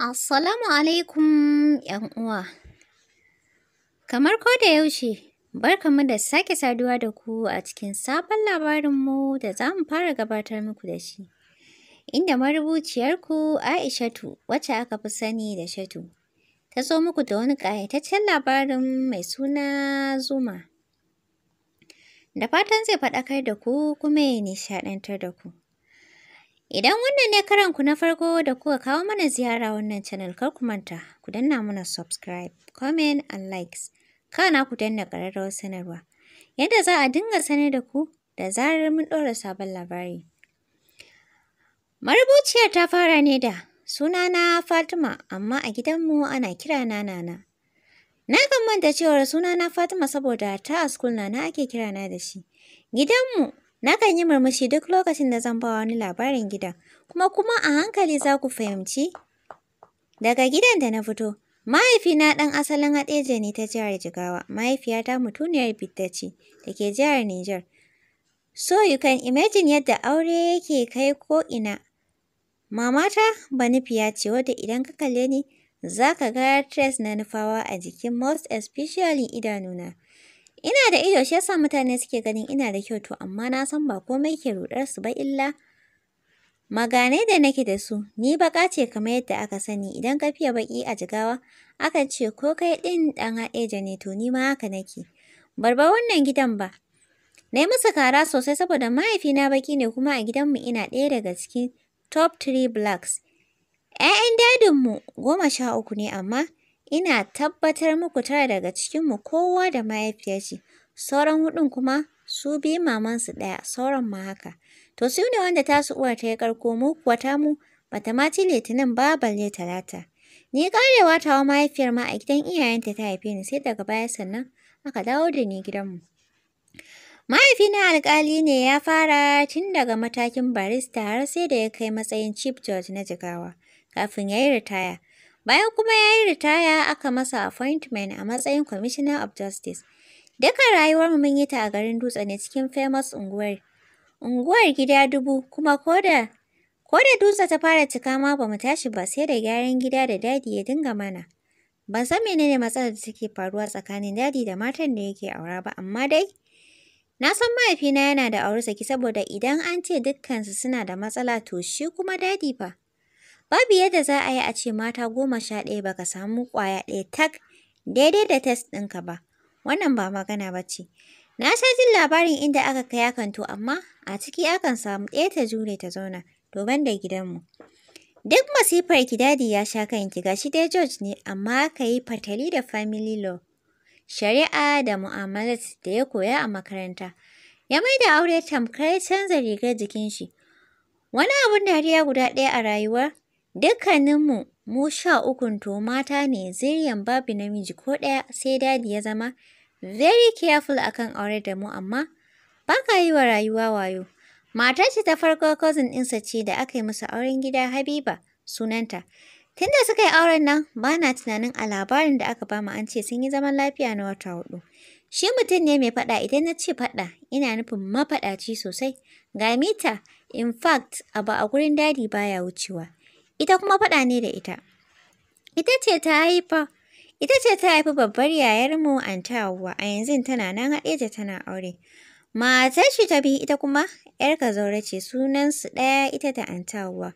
Assalamu alaikum ‘yan uwa. Kamar ko da yaushe, barkamu da sake saduwa da ku a cikin sabon labarinmu da za mu fara gabatar muku da shi. Inda marubuciyarku Aishatu wacce aka fi sani da Shatu, ta zo muku da wani ƙayataccen labarin mai suna Zuma. Da fatan zai faɗakar da ku kuma ya nishaɗantar da ku. Idan wannan ne karanku na farko da kuka kawo mana ziyara wannan channel kar ku manta ku danna mana subscribe, comment and likes. Kana ku danna ƙararrawar sanarwa. Yadda za a dinga sanar da ku da zarar mun ɗora sabon labari. Marubuciyar ta fara ne da sunana Fatima amma a gidanmu ana kira na Nana. Na kan manta cewar sunana Fatima saboda ta a school na ake kira na da shi. Gidanmu Nakan yi murmushi duk lokacin da zan ba wani labarin gidan, kuma kuma a hankali za ku fahimci. Daga gidan da na fito, mahaifina ɗan asalin Haɗeja ne ta jihar Jigawa, mahaifiyata mutuniyar Bidda ce da ke jihar Nijar. So you can imagine yadda aure yake kai ko ina. Mamata banifiya ce wadda idan ka kalle ni, za ka ga tres na nufawa a jikin most especially idanuna. Ina da ido shi yasa mutane suke ganin ina da kyau to amma na san ba komai ke rudar su ba illa maganai da nake da su ni baka ce kamar yadda aka sani idan ka fiye baki a jigawa aka ce ko kai din dan haɗeja ne to ni ma haka nake barba wannan gidan ba na yi musu kara sosai saboda mahaifina baki ne kuma a gidanmu ina ɗaya daga cikin top 3 blacks ‘Ya'yan dadinmu goma sha uku ne amma Ina tabbatar muku tara daga cikinmu kowa da mahaifiyar sauran hudun kuma su biyu mamansu ɗaya, sauran ma haka. To su ne wanda tasu uwar ta ya karko mu kuwa tamu bata ma ci litinin ba balle talata. Ni karewa wa mahaifiyar ma a gidan iyayenta ta haife ni sai daga baya sannan aka dawo da ni gidanmu. Mahaifina alkali ne ya fara tun daga matakin barista har sai da ya kai matsayin chief judge na jigawa kafin ya yi ritaya. Bayan kuma ya yi ritaya aka masa appointment a matsayin Commissioner of Justice. Duka rayuwarmu mun yi ta a garin Dutse ne cikin famous unguwar. Unguwar gida dubu kuma koda ko da Dutse ta fara cika ma bamu tashi ba sai da gyaran gida da dadi ya dinga mana. Ban san menene matsalar da take faruwa tsakanin dadi da matan da yake aura ba amma dai na san mahaifina yana da aure saki saboda idan an ce dukkansu suna da matsala to shi kuma dadi fa Babu yadda za a yi a ce mata goma sha ɗaya ba ka samu ƙwaya ɗaya tak daidai da test ɗinka ba. Wannan ba magana ba ce. Na sha jin labarin inda aka kai akanto amma a ciki akan samu ɗaya ta jure ta zauna to ban da gidanmu. Duk masifar ki dadi ya sha kan ki gashi dai George ne amma ka yi fatali da family law. Shari'a da mu'amalat da ya koya a makaranta. Ya mai da aure tamkar canza rigar jikin shi. Wani abun dariya guda ɗaya a rayuwar Dukkaninmu mu sha ukun to mata ne zuriyan babu namiji ko ɗaya sai dadi ya zama very careful akan aure da mu amma ba ka yi wa rayuwa wayo. Matar ce ta farko cousin ɗinsa ce da aka yi masa auren gida Habiba sunanta. Tunda suka yi auren nan ba na tunanin a labarin da aka bamu an ce sun yi zaman lafiya na wata hudu. Shi mutum ne mai faɗa idan na ce faɗa ina nufin mafaɗaci sosai. Ga mita in fact abu a gurin dadi baya wucewa. ita kuma faɗa ne da ita. Ita ce ta haifa, ita ce ta haifi babbar yayarmu Antawuwa, a yanzu tana nan haɗe ta tana aure. Matar shi ta bi ita kuma ‘yar zaure ce sunan su ɗaya ita da Antawuwa.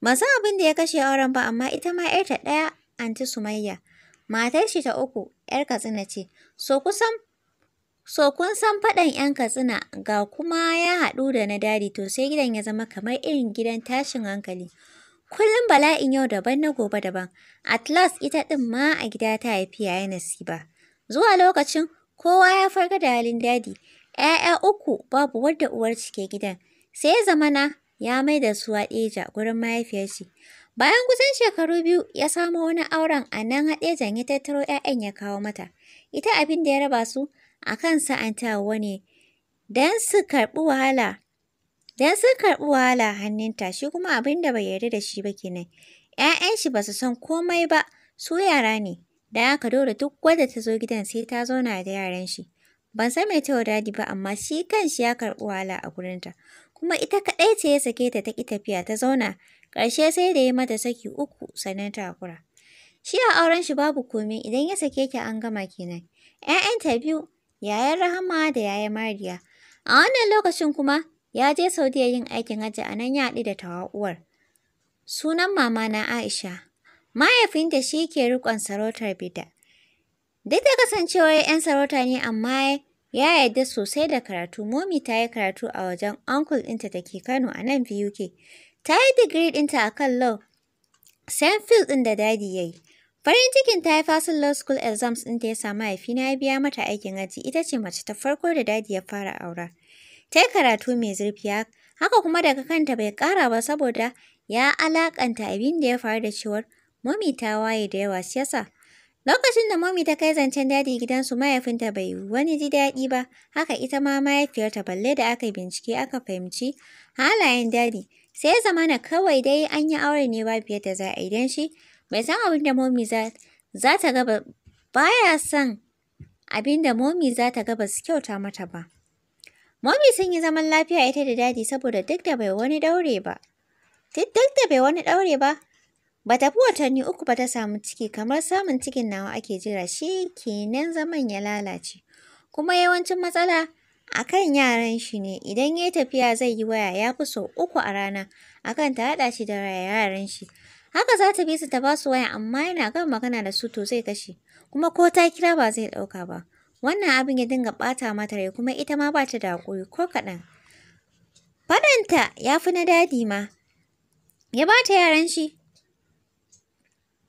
Ba san abin da ya kashe auren ba amma ita ma ‘yarta ɗaya Anti Sumayya. Matar shi ta uku ‘yar Katsina ce, so So kun san faɗan 'yan Katsina ga kuma ya haɗu da na dadi to sai gidan ya zama kamar irin gidan tashin hankali. Kullum bala'in yau daban na gobe daban. At ita ɗin ma a gida ta haifi yayi nasiba. Zuwa lokacin kowa ya farga da halin dadi. Ƴaƴa uku babu wadda uwar ke gidan. Sai zamana ya mai da su ɗeja, gurin mahaifiyar shi. Bayan kusan shekaru biyu ya samo wani auren a nan Haɗejan ya tattaro ƴaƴan ya kawo mata. Ita abin da ya raba su a kan sa'antawa ne don su karɓi wahala Dan sun karɓi wahala hannunta shi kuma abin da bai yarda da shi ba kenan. ‘Ya'yan shi ba su san komai ba, su yara ne. Da aka dora duk wadda ta zo gidan sai ta zauna da yaran shi. Ban san mai tawa dadi ba amma shi kanshi ya karɓi wahala a ta, Kuma ita kaɗai ce ya sake ta ta ƙi tafiya ta zauna. Ƙarshe sai da ya mata saki uku sannan ta kura. Shi a auren shi babu komai idan ya sake ki an gama kenan. ‘Ya'yanta biyu, yayan Rahama da yayan Mariya. A wannan lokacin kuma Ya je Saudiya yin aikin hajji a nan ya haɗu da tawa'uwar. Sunan mama na Aisha. Mahaifinta shi ke rikon sarautar bida. Duk da kasancewar 'yan sarauta ne amma ya yarda sosai da karatu. Momi ta yi karatu a wajen uncle ɗinta da ke Kano a nan BUK. Ta yi digiri ɗinta a kan law. Same field ɗin da dadi ya yi. Farin cikin ta yi fasin law school exams ɗin da ya samu mahaifina ya biya mata aikin aji ita ce mace ta farko da dadi ya fara aura. Ta yi karatu mai zurfi haka kuma daga kanta bai kara ba saboda ya alaƙanta abin da ya faru da cewar Mami ta waye da yawa siyasa. Lokacin da Mami ta kai zancen dadi gidansu mahaifinta bai wani ji daɗi ba, haka ita ma mahaifiyarta balle da aka bincike aka fahimci halayen dadi. Sai ya zamana kawai dai an yi aure ne babu yadda za a yi don shi bai san abin da Mami za ta gaba baya son abin da Momi za ta gaba su kyauta mata ba. Momi sun yi zaman lafiya ita da dadi saboda duk da bai wani daure ba. Duk da bai wani daure ba, ba tafi watanni uku ba ta samu ciki kamar samun cikin nawa ake jira shi kenan zaman ya lalace. Kuma yawancin matsala a kan yaran shi ne idan ya tafiya zai yi waya ya fi sau uku a rana akan ta haɗa shi da yaran shi. Haka za ta bi su ta ba su waya amma yana kan magana da su to zai kashe kuma ko ta kira ba zai ɗauka ba. Wannan abin ya dinga ɓata mata rai kuma ita ma ba da haƙuri ko kaɗan. Faɗanta ya fi na dadi ma. Ya ɓata yaran shi.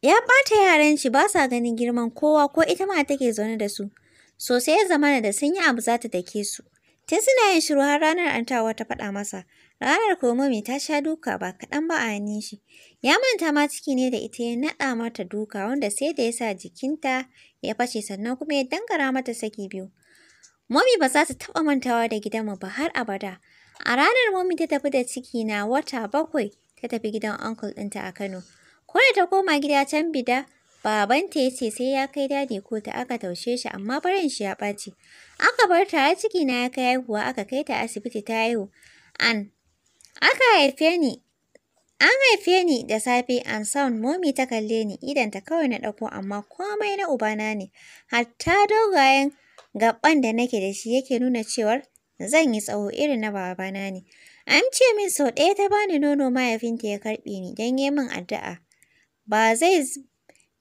Ya ɓata yaran shi ba sa ganin girman kowa ko ita ma take zaune da su. Sosai ya zamana da sun yi abu za ta dake su. Tun suna yin shiru har ranar antawa ta faɗa masa. Ranar komomi ta sha duka ba kaɗan ba a hannun shi. Ya manta ma ciki ne da ita ya naɗa mata duka wanda sai da ya sa jikinta ya fashe sannan kuma ya dangara mata saki biyu. momi ba za ta taɓa mantawa da gidanmu ba har abada. A ranar momi ta tafi da ciki na wata bakwai ta tafi gidan uncle ɗinta a Kano. Ko da ta koma gida can bida, babanta ya ce sai ya kai dadi ko ta aka taushe shi amma barin shi ya ɓaci. Aka bar ta har ciki na ya kai haihuwa aka kai ta asibiti ta haihu. An Aka haife ni An haife ni da safe an sound momi ta kalle ni idan ta kawai na ɗauko amma komai na ubana ne hatta dogayen gaban da nake da shi yake nuna cewar zan yi tsawo irin na babana ne. An ce min sau ɗaya ta bani nono mahaifinta ya karɓi ni don yi min addu'a. Ba zai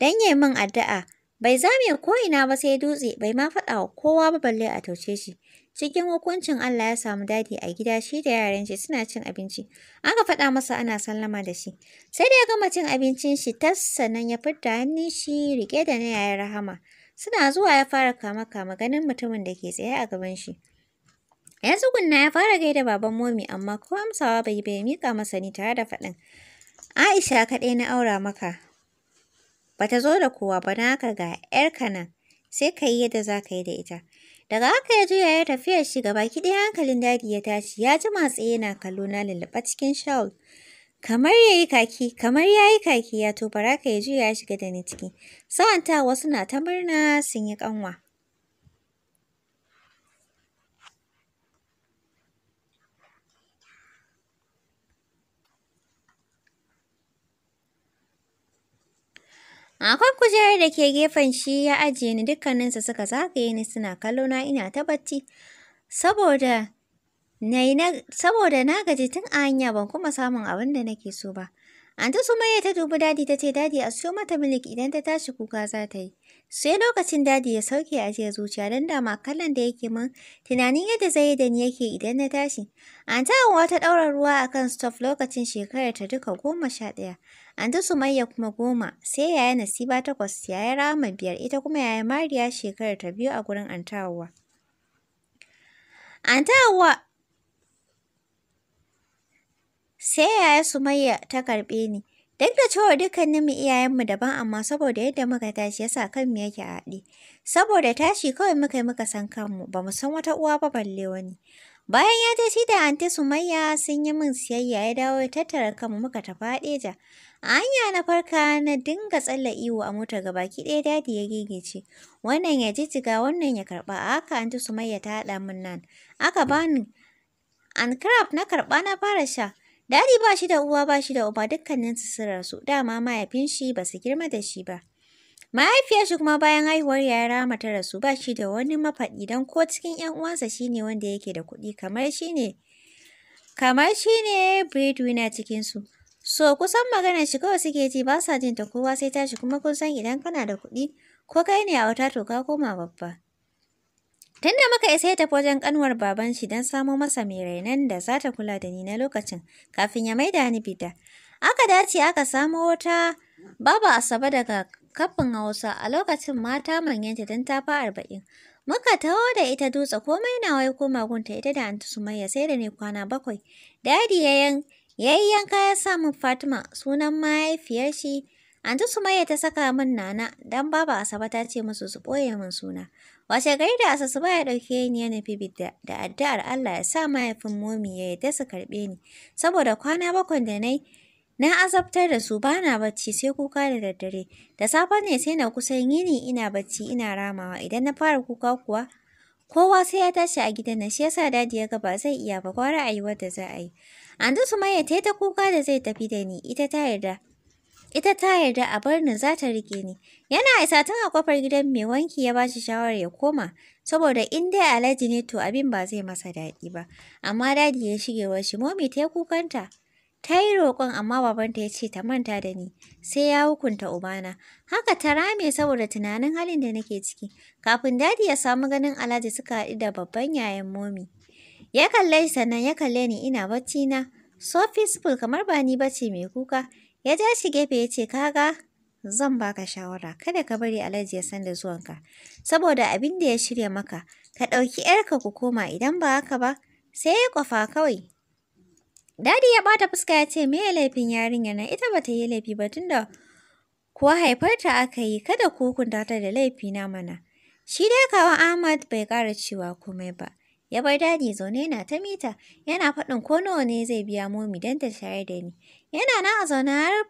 don yi min addu'a bai zame ko ina ba sai dutse bai ma faɗa wa kowa ba balle a tauce shi. Cikin hukuncin Allah ya samu dadi a gida shi da yaran shi suna cin abinci. Aka faɗa masa ana sallama da shi. Sai da ya gama cin abincin shi tas sannan ya fita hannun shi rike da na yayin rahama. Suna zuwa ya fara kama-kama ganin mutumin da ke tsaye a gaban shi. Ya tsugunna ya fara gaida baban momi amma ko amsawa bai bai mika masa ni tare da faɗin. Aisha kaɗai na aura maka. Bata zo da kowa ba na haka ga ‘yarka nan, sai ka yi yadda za ka yi da ita. Daga haka ya juya ya tafiya shi gaba ki ɗaya hankalin dadi ya tashi ya ji matsayi yana kallo na lallaɓa cikin shawul. Kamar ya yi kaki, kamar ya yi kaki ya to baraka ya juya ya shiga da ni ciki. Sa'anta wasu na ta murna sun yi ƙanwa. Akwai kujerar da ke gefen shi ya ajiye ni dukkaninsu suka zagaye ni suna kallo na ina ta bacci. Saboda na gaji tun a hanya ban kuma samun abin da nake so ba. Anta Sumayya ta dubi dadi ta ce dadi a siyo mata milik idan ta tashi kuka za ta yi. Sai lokacin dadi ya sauke a jiya zuciya don dama kallon da yake min tunanin yadda zai da ni yake idan na tashi. Anta ta ta ɗaura ruwa a kan stof lokacin shekarar ta duka goma sha ɗaya. su Sumayya kuma goma, sai yaya Nasiba takwas, yaya rama biyar, ita kuma yaya Mariya shekarar ta biyu a gurin Anta Hauwa. sai yaya Sumayya ta karɓe ni. Duk da cewa dukkaninmu iyayenmu daban amma saboda yadda muka tashi yasa kanmu yake a haɗe. Saboda tashi kawai muka yi muka san kanmu ba mu san wata uwa ba balle wani. Bayan ya je shi da anti Sumayya sun yi min siyayya ya dawo ya tattara kanmu muka tafi haɗeja. hanya na farka na dinga tsalla iwo a motar mota baki ɗaya dadi ya gigice. Wannan ya jijjiga wannan ya karɓa a haka anti Sumayya ta haɗa min nan. Aka bani an crab na karɓa na fara sha. Dadi ba shi da uwa ba shi da uba dukkanin su sun rasu dama mahaifin shi ba su girma da shi ba. Mahaifiyar shi kuma bayan haihuwar ya yi rama ta rasu ba shi da wani mafaɗi don ko cikin 'yan uwansa shine wanda yake da kuɗi kamar shine kamar shi ne breadwinner cikinsu So kusan magana shi kawai suke ji ba sa jin ta kowa sai tashi kuma kun san idan kana da kuɗi ko kai ne a wata to ka koma babba. Tunda muka isa ya tafi wajen kanwar baban shi don samo masa mai rainan da za ta kula da ni na lokacin kafin ya maida ni fita, Aka dace aka samo wata baba Asabe daga kafin Hausa a lokacin mata manyanta don ta fa arba'in. Muka taho da ita dutse komai na wai ko magunta ita da Anta Sumayya sai da ne kwana bakwai. Dadi ya yan yayyan kaya yanka sa Fatima sunan mahaifiyar shi. Anti Sumayya ta saka min Nana dan baba Asabe ta ce musu su boye min suna. Wace gari da ba ya dauke ni ya nufi bidda da addu'ar Allah ya sa mahaifin momi ya yarda su karbe ni. Saboda kwana bakwai da na na azabtar da su bana bacci sai kuka da daddare. Da safe ne sai na kusan yini ina bacci ina ramawa idan na fara kuka kuwa kowa sai ya tashi a gidan na shi yasa dadi ya ga ba zai iya ba gwara a yi wadda za a yi. An Sumayya ta yi ta kuka da zai tafi da ni, ita ta yarda. Ita ta yarda a bar ni za ta rike ni. Yana isa tun a kofar gidan mai wanki ya bashi shawarar ya koma, saboda in dai Alhaji ne to abin ba zai masa daɗi ba. Amma dadi ya shige shi, momi ta yi kukanta. Ta yi roƙon amma babanta ya ce ta manta da ni, sai ya hukunta ubana. Haka ta rame saboda tunanin halin da nake ciki. Kafin dadi ya samu ganin Alhaji suka haɗu da babban yayan momi. Ya kalle shi sannan ya kalle ni ina bacci na. So peaceful kamar ba ni bace mai kuka. Ya ja shi gefe ya ce kaga zan baka shawara kada ka bari Alhaji ya san da zuwanka saboda abin da ya shirya maka ka ɗauki ‘yarka ku koma idan ba haka ba sai ya kwafa kawai. Dadi ya bata fuska ya ce me ya laifin yarinyar na? ita bata yi laifi ba tunda kuwa haifarta aka yi kada ku hukunta ta da laifi na mana. Shi dai kawo Ahmad bai ƙara cewa komai ba. Ya bar dadi zaune yana ta mita, yana faɗin ko nawa ne zai biya momi don ta shayar da ni. Yana nan a zaune har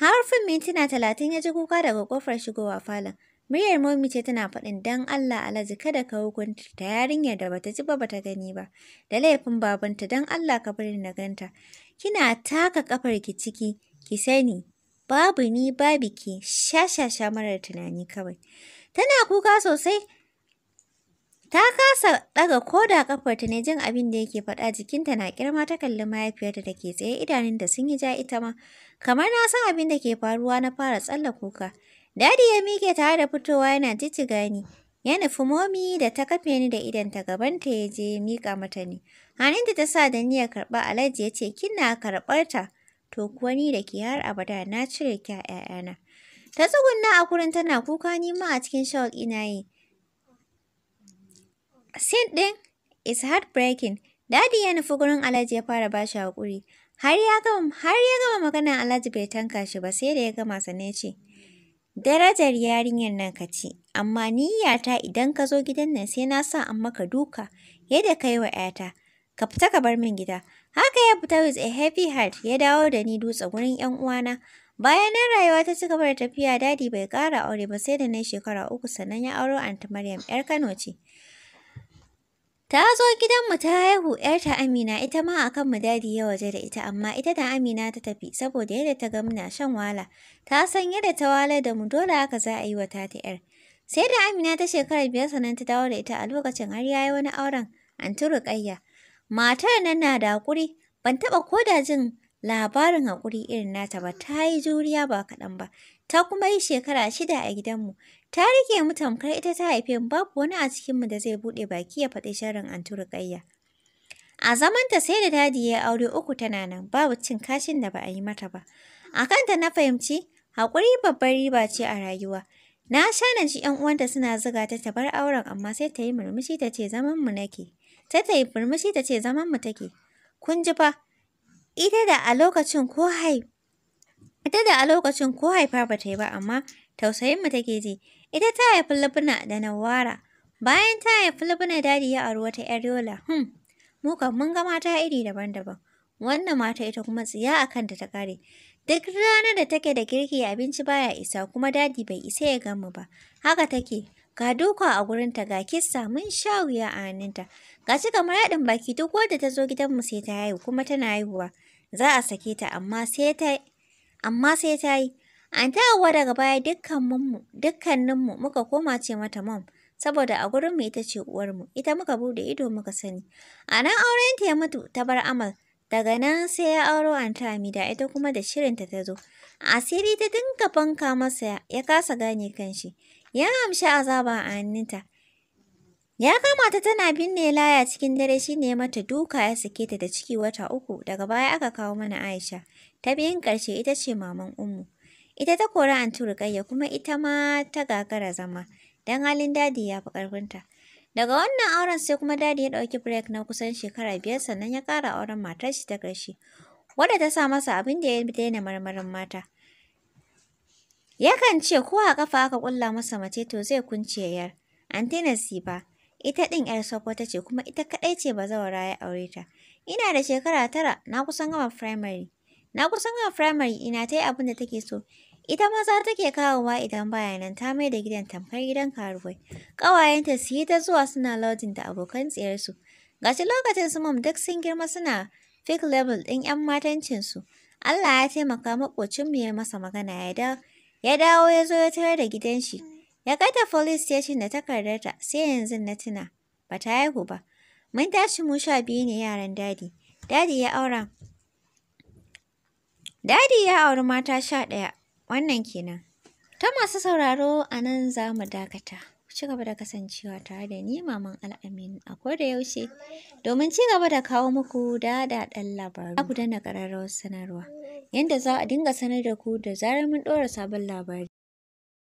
harfin mintuna talatin ya ji kuka daga kofar shigowa falon. Muryar momi ce tana faɗin dan Allah alaji kada ka hukunta ta yarinyar da bata ji ba bata gani ba. Da laifin babanta dan Allah ka bari na ganta. Kina taka kafar ki ciki, ki sani babu ni babu sha shashasha marar tunani kawai. Tana kuka sosai Ta kasa ɗaga ko da ƙafarta ne jin abin da yake faɗa jikinta na kirma ta kalli mahaifiyarta da ke tsaye idanun da sun yi ja ita ma. Kamar na san abin da ke faruwa na fara tsalla kuka. Dadi ya mike tare da fitowa yana jijjiga ni. Ya nufi momi da ta kafe ni da idanta gabanta ya je mika mata ni. hannun ta sa da niyyar karɓa alaji ya ce kina karɓar ta. To kuwa ni da ke har abada na cire ki a ‘ya'yana. Ta tsugunna a kurin tana kuka ni ma a cikin shawak ina yi. Sin ɗin is heartbreaking. Dadi ya nufi gurin Alhaji ya fara ba shi haƙuri. Har ya gama har ya gama magana Alhaji bai tanka shi ba sai da ya gama sane ce. Darajar yarinyar nan ka ci, amma niyyata idan ka zo gidan nan sai na sa an maka duka yadda ka yi wa 'yata. Ka fita ka bar min gida. Haka ya fita with a heavy heart ya dawo da ni dutse gurin 'yan uwana. Bayan nan rayuwa ta ci gaba da tafiya dadi bai ƙara aure ba sai da na shekara uku sannan ya auro Aunty Maryam 'yar Kano ce. Ta zo gidanmu ta haihu ‘yarta Amina ita ma a mu dadi ya waje da ita amma ita da Amina ta tafi saboda yadda ta ga muna shan wahala. Ta san yadda ta walar da mu dole haka za a yi wa tata ‘yar. Sai da Amina ta shekarar biyar sannan ta dawo da ita a lokacin har ya yi wani auren Anti Ruƙayya. Matar nan na da haƙuri ban taɓa ko da jin labarin haƙuri irin nata ba ta yi juriya ba kaɗan ba. Ta kuma yi shekara shida a gidanmu Ta rike mu tamkar ita ta haife mu babu wani a cikinmu da zai buɗe baki ya faɗi sharrin antu rikayya A zamanta sai da dadi ya aure uku tana nan babu cin kashin da ba a yi mata ba. A kanta na fahimci haƙuri babbar riba ce a rayuwa. Na na ji ‘yan uwanta suna ziga ta ta bar auren amma sai ta yi murmushi ta ce zaman mu nake. Ta ta yi murmushi ta ce zaman mu take. Kun ji fa ita da a lokacin ko hai ita da a lokacin ko haifa ba ta yi ba amma tausayin mu take ji. Ita ta haifi Lubna da Nawara. Bayan ta haifi Lubna dadi ya auri wata ‘yar Yola. Hmm. Mu kan mun ga mata iri daban-daban. Wannan mata ita kuma tsiya a kanta ta kare. Duk ranar da take da girki abinci baya isa kuma dadi bai isa ya gamu ba. Haka take. Ga duka a gurinta ga kissa mun sha a hannunta. Ga shi kamar yaɗin baki duk wadda ta zo gidanmu sai ta haihu kuma tana haihuwa. Za a sake ta amma sai ta amma sai ta yi. An ta daga baya dukkaninmu muka koma ce mata mom, saboda a gurinmu ita ce uwarmu, ita muka bude ido muka sani. A nan aurenta ya mutu ta bar amal, daga nan sai ya auro Anta Amida ita kuma da shirinta ta zo. Asiri ta dinga banka masa ya kasa gane kanshi, ya amshi azaba a hannunta. Ya kama ta tana binne laya cikin dare shi ne mata duka ya sake ta da ciki wata uku daga baya aka kawo mana Aisha. Ta biyan ƙarshe ita ce maman umu. Ita ta kori anti Rukayya kuma ita ma ta gagara zama, don halin dadi ya fi ƙarfinta. Daga wannan auren sai kuma dadi ya ɗauki break na kusan shekara biyar sannan ya ƙara auren matar shi ta ƙarshe, wadda ta sa masa abin da ya daina marmarin mata. Yakan ce ko a ƙafa aka ƙulla masa mace to zai kunce yar. Anti ba. ita ɗin 'yar Sokoto ce kuma ita kaɗai ce ba zaura ya aure ta. Ina da shekara tara na kusan gama firamare. Na kusan a firamare ina ta yi abin da take so. Ita maza take kawowa idan baya nan ta mai da gidan tamkar gidan karuwai. Ƙawayenta su yi ta zuwa suna lodin da abokan tsiyarsu. Gashi lokacin su mam duk sun girma suna fik level ɗin 'yan matancinsu. Allah ya taimaka maƙocin mu ya masa magana ya dawo. Ya dawo ya zo ya tarar da gidan shi. Ya kai ta police station da takardarta sai yanzu na tuna. Ba ta haihu ba. Mun tashi mu sha biyu ne yaran dadi. Dadi ya aura Dadi ya auri mata sha ɗaya, wannan kenan. Ta masu sauraro a nan za mu dakata. Ku ci gaba da kasancewa tare da ni Maman Al'amin a koda yaushe domin ci gaba da kawo muku daɗin labaru. Ku danna ƙararrawar sanarwa yadda za a dinga sanar da ku da zarar mun ɗora sabon labari.